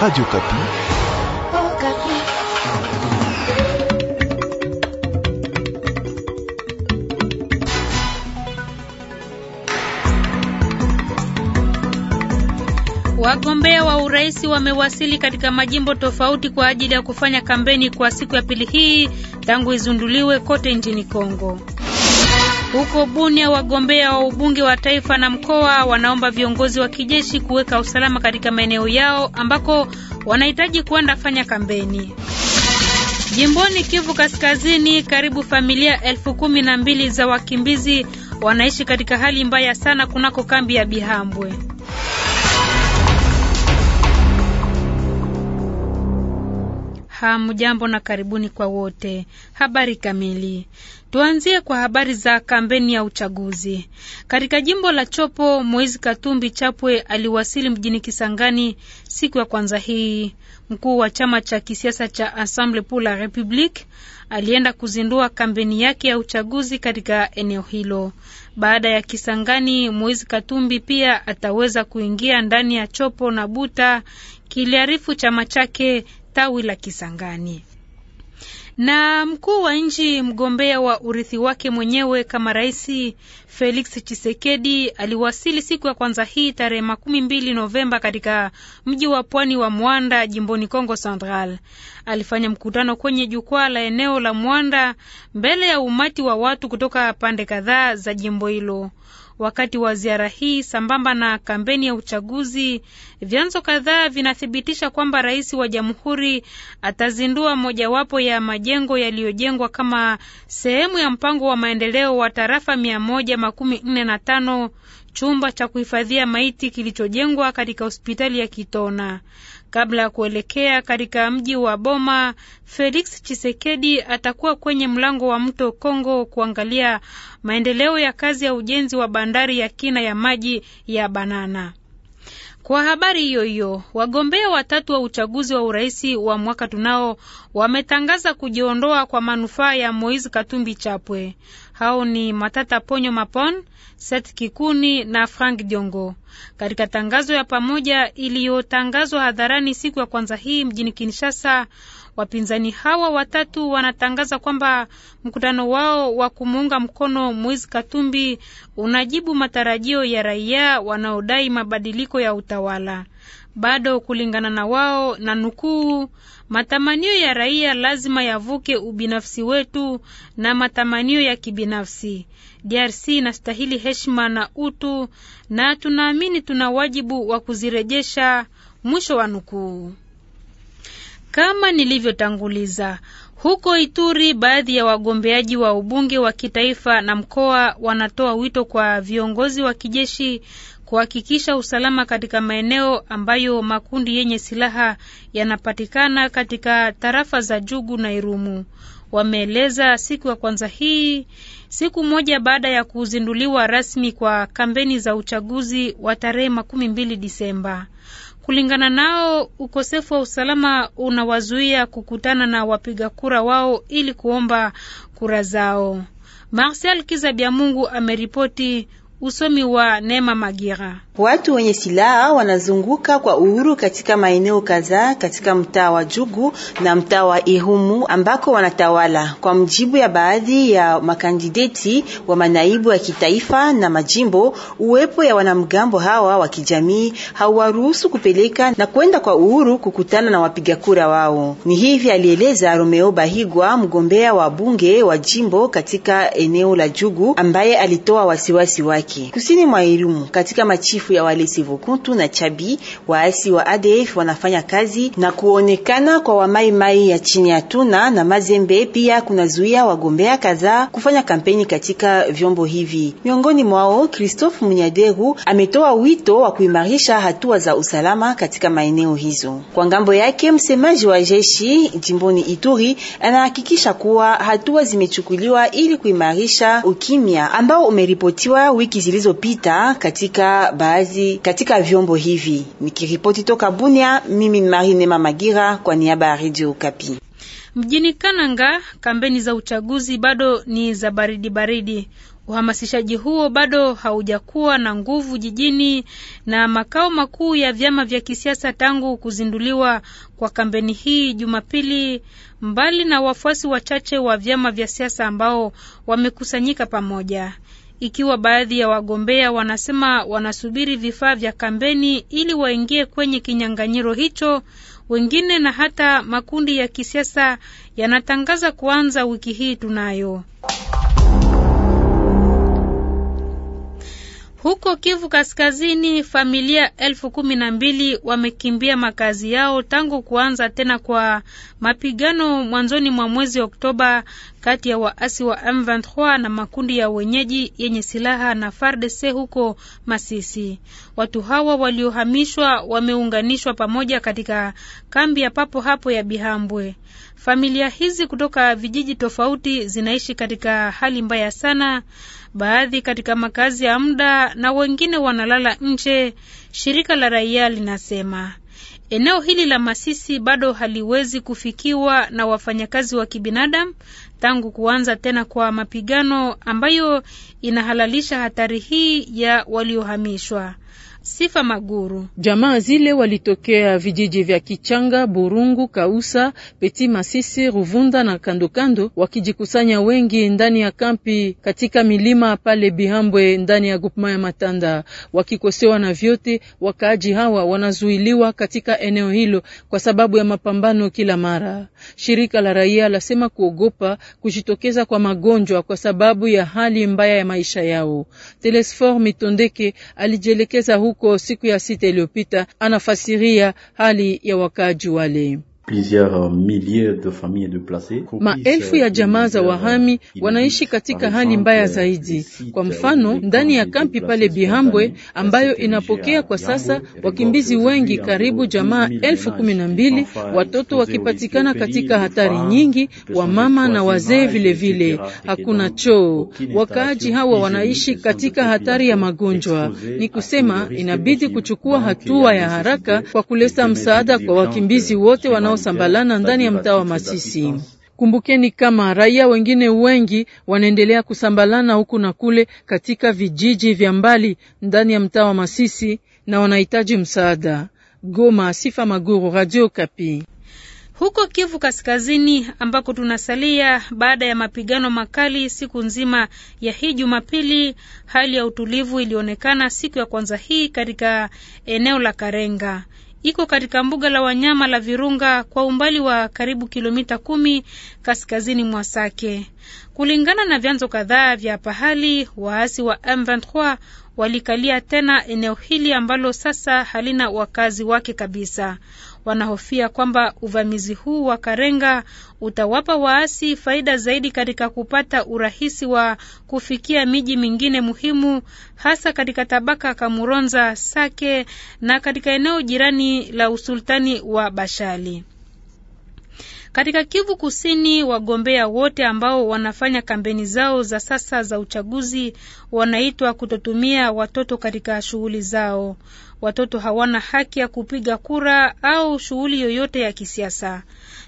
Radio Kapi. Oh, Kapi. Wagombea wa urais wamewasili katika majimbo tofauti kwa ajili ya kufanya kampeni kwa siku ya pili hii tangu izunduliwe kote nchini Kongo. Huko Bunia, wagombea wa ubunge wa taifa na mkoa wanaomba viongozi wa kijeshi kuweka usalama katika maeneo yao ambako wanahitaji kuenda fanya kampeni. Jimboni Kivu Kaskazini, karibu familia elfu kumi na mbili za wakimbizi wanaishi katika hali mbaya sana kunako kambi ya Bihambwe. Hamjambo na karibuni kwa wote. Habari kamili. Tuanzie kwa habari za kampeni ya uchaguzi. Katika jimbo la Chopo, Moizi Katumbi Chapwe aliwasili mjini Kisangani siku ya kwanza hii. Mkuu wa chama cha kisiasa cha Ensemble pour la Republique alienda kuzindua kampeni yake ya uchaguzi katika eneo hilo. Baada ya Kisangani, Moizi Katumbi pia ataweza kuingia ndani ya Chopo na Buta, kiliarifu chama chake tawi la Kisangani. Na mkuu wa nchi mgombea wa urithi wake mwenyewe kama rais Felix Chisekedi aliwasili siku ya kwanza hii tarehe makumi mbili Novemba katika mji wa pwani wa Mwanda jimboni Kongo Central. Alifanya mkutano kwenye jukwaa la eneo la Mwanda mbele ya umati wa watu kutoka pande kadhaa za jimbo hilo. Wakati wa ziara hii, sambamba na kampeni ya uchaguzi, vyanzo kadhaa vinathibitisha kwamba rais wa jamhuri atazindua mojawapo ya majengo yaliyojengwa kama sehemu ya mpango wa maendeleo wa tarafa mia moja makumi nne na tano chumba cha kuhifadhia maiti kilichojengwa katika hospitali ya Kitona. Kabla ya kuelekea katika mji wa Boma, Felix Chisekedi atakuwa kwenye mlango wa mto Kongo kuangalia maendeleo ya kazi ya ujenzi wa bandari ya kina ya maji ya Banana. Kwa habari hiyo hiyo, wagombea watatu wa uchaguzi wa urais wa mwaka tunao wametangaza kujiondoa kwa manufaa ya Moise Katumbi Chapwe hao ni Matata Ponyo Mapon, Seth Kikuni na Frank Diongo. Katika tangazo ya pamoja iliyotangazwa hadharani siku ya kwanza hii mjini Kinshasa, wapinzani hawa watatu wanatangaza kwamba mkutano wao wa kumuunga mkono Moise Katumbi unajibu matarajio ya raia wanaodai mabadiliko ya utawala. Bado kulingana na wao, na nukuu, matamanio ya raia lazima yavuke ubinafsi wetu na matamanio ya kibinafsi. DRC inastahili heshima na utu, na tunaamini tuna wajibu wa kuzirejesha. Mwisho wa nukuu. Kama nilivyotanguliza huko Ituri, baadhi ya wagombeaji wa ubunge wa kitaifa na mkoa wanatoa wito kwa viongozi wa kijeshi kuhakikisha usalama katika maeneo ambayo makundi yenye silaha yanapatikana katika tarafa za Jugu na Irumu. Wameeleza siku ya kwanza hii, siku moja baada ya kuzinduliwa rasmi kwa kampeni za uchaguzi wa tarehe makumi mbili Disemba. Kulingana nao, ukosefu wa usalama unawazuia kukutana na wapiga kura wao ili kuomba kura zao. Marcel Kizabiamungu ameripoti Usomi wa Neema Magira. Watu wenye silaha wanazunguka kwa uhuru katika maeneo kadhaa katika mtaa wa Jugu na mtaa wa Ihumu ambako wanatawala. Kwa mjibu ya baadhi ya makandideti wa manaibu ya kitaifa na majimbo, uwepo ya wanamgambo hawa wa kijamii hauwaruhusu kupeleka na kwenda kwa uhuru kukutana na wapiga kura wao. Ni hivi alieleza Romeo Bahigwa, mgombea wa bunge wa jimbo katika eneo la Jugu, ambaye alitoa wasiwasi wake yake. Kusini mwa Irumu, katika machifu ya Walesi Vokuntu na Chabi, waasi wa ADF wanafanya kazi na kuonekana kwa wamaimai ya chini ya Tuna na Mazembe pia kunazuia wagombea kadhaa kufanya kampeni katika vyombo hivi. Miongoni mwao Christophe Munyaderu ametoa wito wa kuimarisha hatua za usalama katika maeneo hizo. Kwa ngambo yake, msemaji wa jeshi jimboni Ituri anahakikisha kuwa hatua zimechukuliwa ili kuimarisha ukimya ambao umeripotiwa wiki wiki zilizopita katika baadhi katika vyombo hivi. Nikiripoti toka Bunia, mimi ni Marine Mamagira kwa niaba ya Radio Kapi. Mjini Kananga, kampeni za uchaguzi bado ni za baridi baridi. Uhamasishaji huo bado haujakuwa na nguvu jijini na makao makuu ya vyama vya kisiasa tangu kuzinduliwa kwa kampeni hii Jumapili, mbali na wafuasi wachache wa vyama vya siasa ambao wamekusanyika pamoja ikiwa baadhi ya wagombea wanasema wanasubiri vifaa vya kampeni ili waingie kwenye kinyang'anyiro hicho. Wengine na hata makundi ya kisiasa yanatangaza kuanza wiki hii tunayo Huko Kivu Kaskazini, familia elfu kumi na mbili wamekimbia makazi yao tangu kuanza tena kwa mapigano mwanzoni mwa mwezi Oktoba kati ya waasi wa M23 na makundi ya wenyeji yenye silaha na FARDC huko Masisi. Watu hawa waliohamishwa wameunganishwa pamoja katika kambi ya papo hapo ya Bihambwe. Familia hizi kutoka vijiji tofauti zinaishi katika hali mbaya sana baadhi katika makazi ya muda na wengine wanalala nje, shirika la raia linasema. Eneo hili la Masisi bado haliwezi kufikiwa na wafanyakazi wa kibinadamu tangu kuanza tena kwa mapigano ambayo inahalalisha hatari hii ya waliohamishwa. Sifa Maguru. Jamaa zile walitokea vijiji vya Kichanga, Burungu, Kausa, Peti Masisi, Ruvunda na kandokando, wakijikusanya wengi ndani ya kampi katika milima pale Bihambwe ndani ya gupma ya Matanda. Wakikosewa na vyote, wakaaji hawa wanazuiliwa katika eneo hilo kwa sababu ya mapambano kila mara. Shirika la raia lasema kuogopa kujitokeza kwa magonjwa kwa sababu ya hali mbaya ya maisha yao. Telesfor Mitondeke alijielekeza huko siku ya sita iliyopita, anafasiria hali ya wakaaji wale. Euh, Maelfu ya jamaa za wahami euh, wanaishi katika hali mbaya zaidi. Kwa mfano, ndani ya kampi pale Bihambwe ambayo inapokea kwa sasa wakimbizi wengi, karibu jamaa elfu kumi na mbili, watoto wakipatikana katika hatari nyingi, wa mama na wazee vilevile. Hakuna choo. Wakaaji hawa wanaishi katika hatari ya magonjwa. Ni kusema inabidi kuchukua hatua ya haraka kwa kuleta msaada kwa wakimbizi wote wanao Sambalana ndani ya mtaa wa Masisi. Kumbukeni kama raia wengine wengi wanaendelea kusambalana huku na kule katika vijiji vya mbali ndani ya mtaa wa Masisi na wanahitaji msaada. Goma, Sifa Maguru, Radio Kapi. Huko Kivu Kaskazini ambako tunasalia baada ya mapigano makali siku nzima ya hii Jumapili, hali ya utulivu ilionekana siku ya kwanza hii katika eneo la Karenga iko katika mbuga la wanyama la Virunga kwa umbali wa karibu kilomita kumi kaskazini mwa Sake. Kulingana na vyanzo kadhaa vya pahali, waasi wa M23 walikalia tena eneo hili ambalo sasa halina wakazi wake kabisa wanahofia kwamba uvamizi huu wa Karenga utawapa waasi faida zaidi katika kupata urahisi wa kufikia miji mingine muhimu hasa katika tabaka Kamuronza, Sake na katika eneo jirani la usultani wa Bashali. Katika Kivu Kusini, wagombea wote ambao wanafanya kampeni zao za sasa za uchaguzi wanaitwa kutotumia watoto katika shughuli zao watoto hawana haki ya kupiga kura au shughuli yoyote ya kisiasa.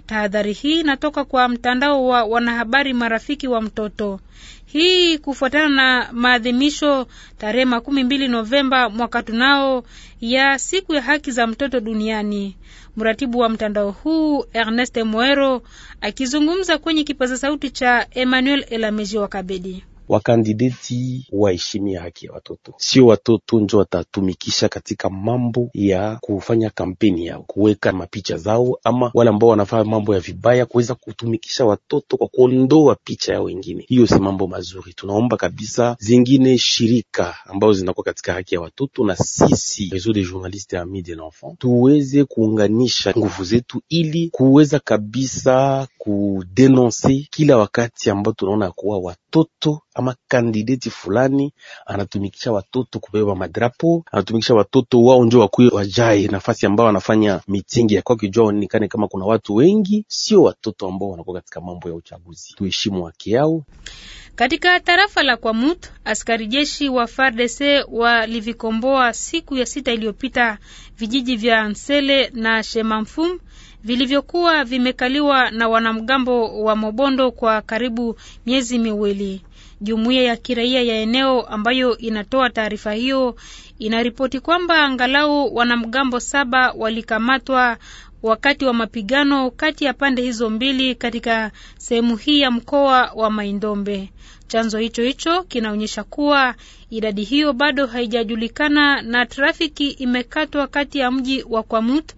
Tahadhari hii inatoka kwa mtandao wa wanahabari marafiki wa mtoto. Hii kufuatana na maadhimisho tarehe makumi mbili Novemba mwaka tunao ya siku ya haki za mtoto duniani. Mratibu wa mtandao huu Ernest Moero akizungumza kwenye kipaza sauti cha Emmanuel Elameji wa Kabedi wakandideti waheshimie haki ya watoto, sio watoto njo watatumikisha katika mambo ya kufanya kampeni yao, kuweka mapicha zao, ama wale ambao wanafanya mambo ya vibaya kuweza kutumikisha watoto kwa kuondoa picha yao wengine. Hiyo si mambo mazuri. Tunaomba kabisa zingine shirika ambazo zinakuwa katika haki ya watoto na sisi Réseau des journalistes amis de l'enfant tuweze kuunganisha nguvu zetu ili kuweza kabisa kudenonse kila wakati ambao tunaona kuwa watu watoto ama kandideti fulani anatumikisha watoto kubeba madrapo, anatumikisha watoto wao njo wakuye wajae nafasi ambao wanafanya mitingi ya kwake, jua waonekane kama kuna watu wengi, sio watoto ambao wanakuwa katika mambo ya uchaguzi. Tuheshimu haki yao. Katika tarafa la Kwamouth, askari jeshi wa FARDC walivikomboa siku ya sita iliyopita vijiji vya Nsele na Shemamfum vilivyokuwa vimekaliwa na wanamgambo wa Mobondo kwa karibu miezi miwili. Jumuiya ya kiraia ya eneo ambayo inatoa taarifa hiyo inaripoti kwamba angalau wanamgambo saba walikamatwa wakati wa mapigano kati ya pande hizo mbili katika sehemu hii ya mkoa wa Maindombe. Chanzo hicho hicho kinaonyesha kuwa idadi hiyo bado haijajulikana na trafiki imekatwa kati ya mji wa Kwamut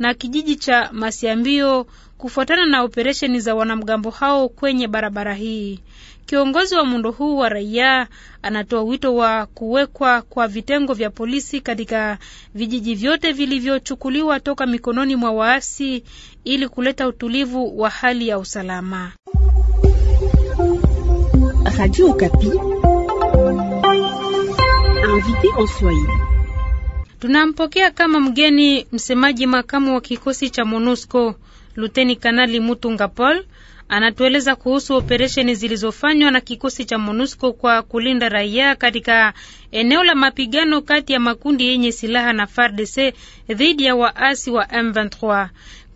na kijiji cha Masiambio kufuatana na operesheni za wanamgambo hao kwenye barabara hii. Kiongozi wa muundo huu wa raia anatoa wito wa kuwekwa kwa vitengo vya polisi katika vijiji vyote vilivyochukuliwa toka mikononi mwa waasi ili kuleta utulivu wa hali ya usalama. Radio Okapi. Tunampokea kama mgeni msemaji makamu wa kikosi cha MONUSCO Luteni Kanali Mutunga Paul anatueleza kuhusu operesheni zilizofanywa na kikosi cha MONUSCO kwa kulinda raia katika eneo la mapigano kati ya makundi yenye silaha na FARDC dhidi ya waasi wa M23.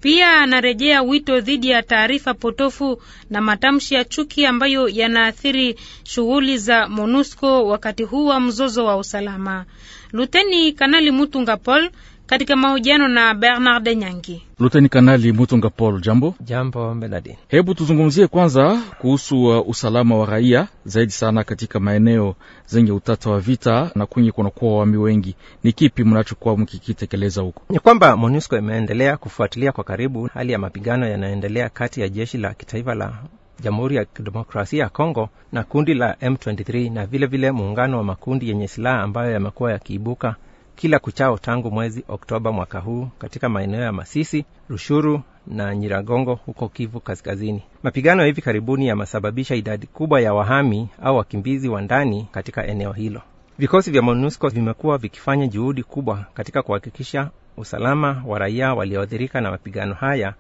Pia anarejea wito dhidi ya taarifa potofu na matamshi ya chuki ambayo yanaathiri shughuli za MONUSCO wakati huu wa mzozo wa usalama. Luteni Kanali Mutunga Paul katika mahojiano na Bernard Nyangi. Luteni Kanali Mutunga Paul, jambo. Jambo Benadi. Hebu tuzungumzie kwanza kuhusu uh, usalama wa raia zaidi sana katika maeneo zenye utata wa vita na kwenye kunakuwa wami wengi. Ni kipi mnachokuwa mkikitekeleza huko? Ni kwamba MONUSCO imeendelea kufuatilia kwa karibu hali ya mapigano yanayoendelea kati ya jeshi la kitaifa la Jamhuri ya Kidemokrasia ya Kongo na kundi la M23 na vilevile muungano wa makundi yenye silaha ambayo yamekuwa yakiibuka kila kuchao tangu mwezi Oktoba mwaka huu katika maeneo ya Masisi, Rushuru na Nyiragongo huko Kivu Kaskazini. Mapigano ya hivi karibuni yamesababisha idadi kubwa ya wahami au wakimbizi wa ndani katika eneo hilo. Vikosi vya MONUSCO vimekuwa vikifanya juhudi kubwa katika kuhakikisha usalama wa raia walioathirika na mapigano haya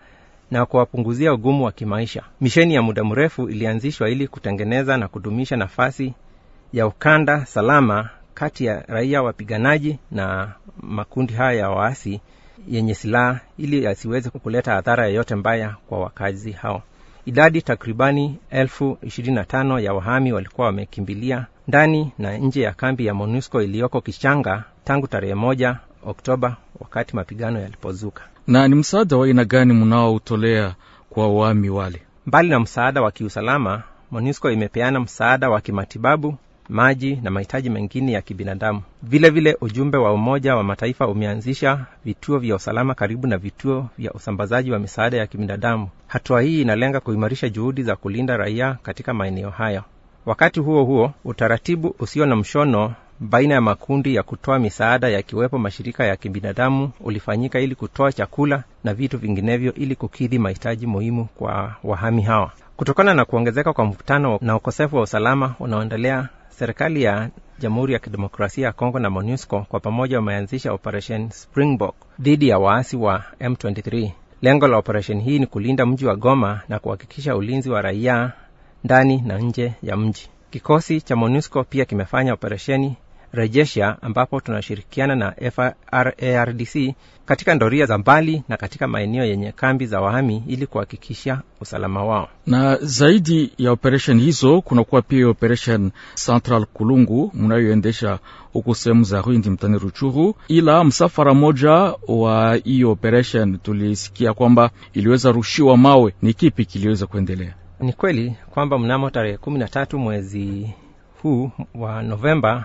na kuwapunguzia ugumu wa kimaisha. Misheni ya muda mrefu ilianzishwa ili kutengeneza na kudumisha nafasi ya ukanda salama kati ya raia wapiganaji na makundi haya ya waasi yenye silaha ili yasiweze kuleta adhara yoyote mbaya kwa wakazi hao. Idadi takribani elfu ishirini na tano ya wahami walikuwa wamekimbilia ndani na nje ya kambi ya MONUSCO iliyoko Kichanga tangu tarehe moja Oktoba wakati mapigano yalipozuka. Na ni msaada wa aina gani mnaoutolea kwa wahami wale? Mbali na msaada wa kiusalama, MONUSCO imepeana msaada wa kimatibabu maji na mahitaji mengine ya kibinadamu. vile vile ujumbe wa Umoja wa Mataifa umeanzisha vituo vya usalama karibu na vituo vya usambazaji wa misaada ya kibinadamu. Hatua hii inalenga kuimarisha juhudi za kulinda raia katika maeneo hayo. Wakati huo huo, utaratibu usio na mshono baina ya makundi ya kutoa misaada yakiwepo mashirika ya kibinadamu ulifanyika ili kutoa chakula na vitu vinginevyo ili kukidhi mahitaji muhimu kwa wahami hawa. Kutokana na kuongezeka kwa mvutano na ukosefu wa usalama unaoendelea, serikali ya Jamhuri ya Kidemokrasia ya Kongo na MONUSCO kwa pamoja wameanzisha operesheni Springbok dhidi ya waasi wa M23. Lengo la operesheni hii ni kulinda mji wa Goma na kuhakikisha ulinzi wa raia ndani na nje ya mji. Kikosi cha MONUSCO pia kimefanya operesheni Rejesha, ambapo tunashirikiana na frardc katika ndoria za mbali na katika maeneo yenye kambi za wahami ili kuhakikisha usalama wao. Na zaidi ya operesheni hizo, kunakuwa pia operesheni Central Kulungu mnayoendesha huku sehemu za Rwindi mtani Ruchuru, ila msafara moja wa hiyo operesheni tulisikia kwamba iliweza rushiwa mawe. Ni kipi kiliweza kuendelea? Ni kweli kwamba mnamo tarehe kumi na tatu mwezi huu wa Novemba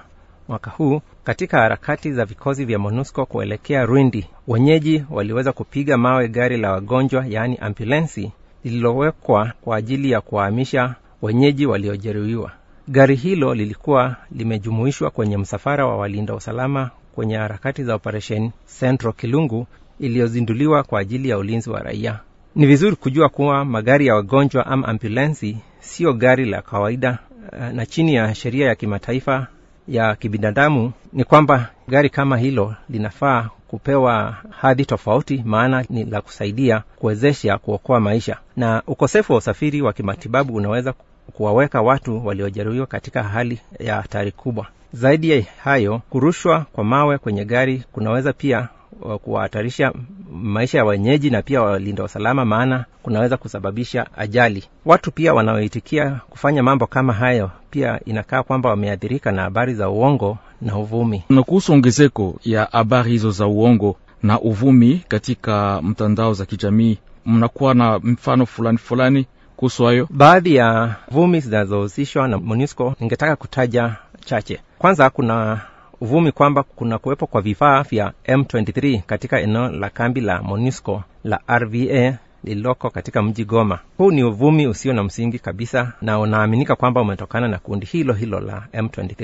mwaka huu katika harakati za vikosi vya MONUSCO kuelekea Rwindi, wenyeji waliweza kupiga mawe gari la wagonjwa, yaani ambulensi, lililowekwa kwa ajili ya kuwahamisha wenyeji waliojeruhiwa. Gari hilo lilikuwa limejumuishwa kwenye msafara wa walinda usalama kwenye harakati za operesheni Centro Kilungu iliyozinduliwa kwa ajili ya ulinzi wa raia. Ni vizuri kujua kuwa magari ya wagonjwa ama ambulensi siyo gari la kawaida, eh, na chini ya sheria ya kimataifa ya kibinadamu ni kwamba gari kama hilo linafaa kupewa hadhi tofauti, maana ni la kusaidia kuwezesha kuokoa maisha. Na ukosefu wa usafiri wa kimatibabu unaweza kuwaweka watu waliojeruhiwa katika hali ya hatari kubwa. Zaidi ya hayo, kurushwa kwa mawe kwenye gari kunaweza pia wa kuwahatarisha maisha ya wenyeji na pia walinda usalama, maana kunaweza kusababisha ajali. Watu pia wanaoitikia kufanya mambo kama hayo pia inakaa kwamba wameathirika na habari za uongo na uvumi. Na kuhusu ongezeko ya habari hizo za uongo na uvumi katika mtandao za kijamii, mnakuwa na mfano fulani fulani kuhusu hayo, baadhi ya vumi zinazohusishwa na MONUSCO, ningetaka kutaja chache. Kwanza kuna uvumi kwamba kuna kuwepo kwa vifaa vya M23 katika eneo la kambi la MONUSCO la RVA lililoko katika mji Goma. Huu ni uvumi usio na msingi kabisa na unaaminika kwamba umetokana na kundi hilo hilo la M23.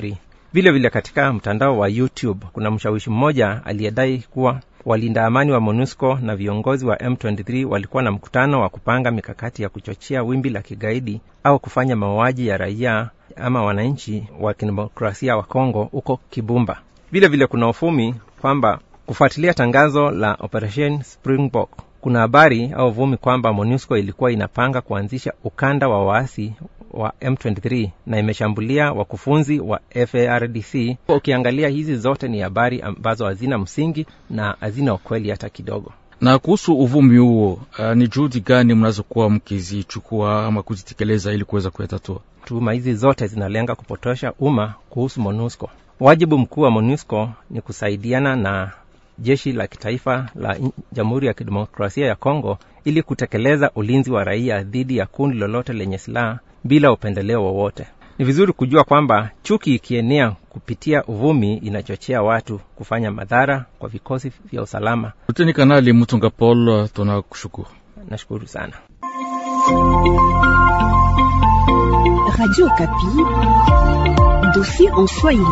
Vilevile vile katika mtandao wa YouTube kuna mshawishi mmoja aliyedai kuwa walinda amani wa MONUSCO na viongozi wa M23 walikuwa na mkutano wa kupanga mikakati ya kuchochea wimbi la kigaidi au kufanya mauaji ya raia ama wananchi wa kidemokrasia wa Kongo huko Kibumba. Vile vile kuna ufumi kwamba kufuatilia tangazo la Operation Springbok kuna habari au vumi kwamba MONUSCO ilikuwa inapanga kuanzisha ukanda wa waasi wa M23 na imeshambulia wakufunzi wa FARDC. Ukiangalia hizi zote ni habari ambazo hazina msingi na hazina ukweli hata kidogo. Na kuhusu uvumi huo, uh, ni juhudi gani mnazokuwa mkizichukua ama kuzitekeleza ili kuweza kuyatatua? Tuhuma hizi zote zinalenga kupotosha umma kuhusu MONUSCO. Wajibu mkuu wa MONUSCO ni kusaidiana na jeshi la kitaifa la Jamhuri ya Kidemokrasia ya Kongo ili kutekeleza ulinzi wa raia dhidi ya kundi lolote lenye silaha bila upendeleo wowote ni vizuri kujua kwamba chuki ikienea kupitia uvumi inachochea watu kufanya madhara kwa vikosi vya usalama. Luteni Kanali Mutunga Paul, tunakushukuru. Nashukuru sana Radio Kapi, dosie en Swahili.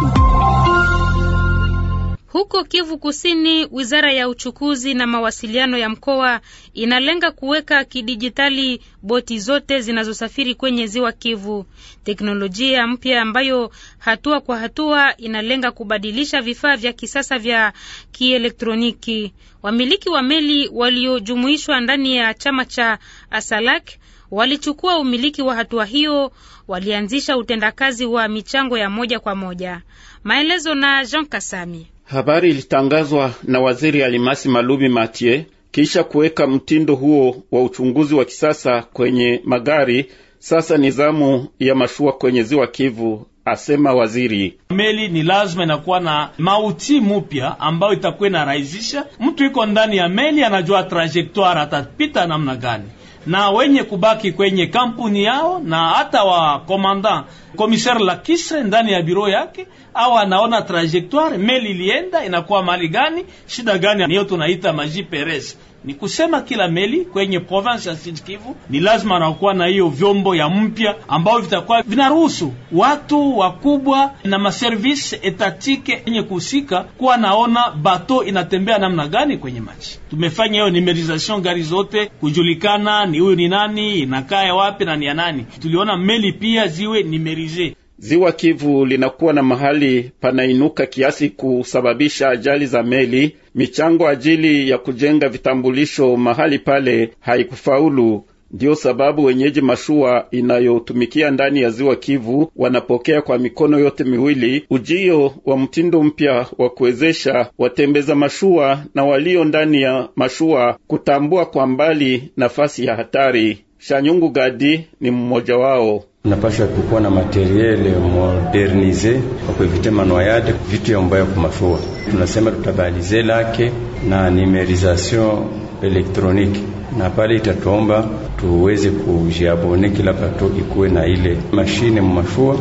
Huko Kivu Kusini, wizara ya uchukuzi na mawasiliano ya mkoa inalenga kuweka kidijitali boti zote zinazosafiri kwenye ziwa Kivu, teknolojia mpya ambayo hatua kwa hatua inalenga kubadilisha vifaa vya kisasa vya kielektroniki. Wamiliki wa meli waliojumuishwa ndani ya chama cha Asalak walichukua umiliki wa hatua hiyo, walianzisha utendakazi wa michango ya moja kwa moja. Maelezo na Jean Kasami. Habari ilitangazwa na waziri Alimasi Malubi Matie kisha kuweka mtindo huo wa uchunguzi wa kisasa kwenye magari. Sasa ni zamu ya mashua kwenye ziwa Kivu, asema waziri. Meli ni lazima inakuwa na mauti mupya ambayo itakuwa inarahisisha mtu iko ndani ya meli, anajua trajektwara atapita namna gani na wenye kubaki kwenye kampuni yao na hata wa komanda komisari la kisre ndani ya biro yake, au anaona trajectoire meli ilienda inakuwa mali gani, shida gani, niyo tunaita maji peres ni kusema kila meli kwenye province ya Sud Kivu ni lazima nakuwa na hiyo vyombo ya mpya ambao vitakuwa vinaruhusu watu wakubwa na maservisi etatike yenye kuhusika kuwa naona bato inatembea namna gani kwenye maji. Tumefanya hiyo numerization gari zote kujulikana, ni huyu ni nani, inakaa wapi na ni ya nani. Tuliona meli pia ziwe numerize. Ziwa Kivu linakuwa na mahali panainuka kiasi kusababisha ajali za meli. Michango ajili ya kujenga vitambulisho mahali pale haikufaulu. Ndiyo sababu wenyeji mashua inayotumikia ndani ya ziwa Kivu wanapokea kwa mikono yote miwili ujio wa mtindo mpya wa kuwezesha watembeza mashua na walio ndani ya mashua kutambua kwa mbali nafasi ya hatari. Shanyungu Gadi ni mmoja wao. Napasha kukuwa na materiele modernize kwa kuevite manoyade vitu mbaya kumafua tunasema tutabalize lake na nimerizasyon elektroniki, na pale itatuomba tuweze kujiabone kila pato ikuwe na ile mashine mumafua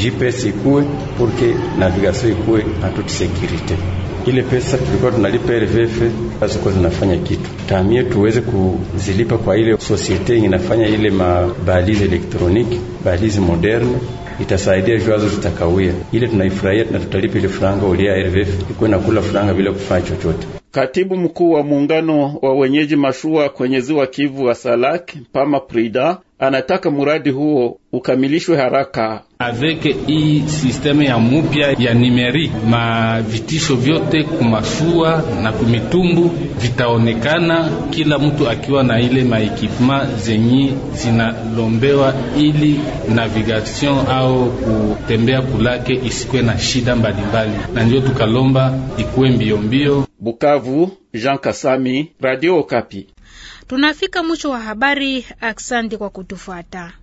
GPS ikuwe purke navigasyon ikuwe na sekirite ile pesa tulikuwa tunalipa RVF hazikuwa zinafanya kitu tamie, tuweze kuzilipa kwa ile sosiete inafanya ile mabalizi elektroniki, balizi moderne itasaidia jwazo zitakawia. Ile tunaifurahia na tutalipa ile franga ulia RVF ikuwe kula franga bila kufanya chochote. Katibu mkuu wa muungano wa wenyeji mashua kwenye ziwa Kivu wa Salak Pama Prida anataka muradi huo ukamilishwe haraka avec hii sisteme ya mupya ya nimeri, mavitisho vyote kumashua na kumitumbu vitaonekana, kila mtu akiwa na ile maekipema zenyi zinalombewa ili navigation au kutembea kulake isikwe na shida mbalimbali, na ndio tukalomba ikuwe mbio mbio. Bukavu, Jean Kasami, Radio Okapi. Tunafika mwisho wa habari. aksandi kwa kutufuata.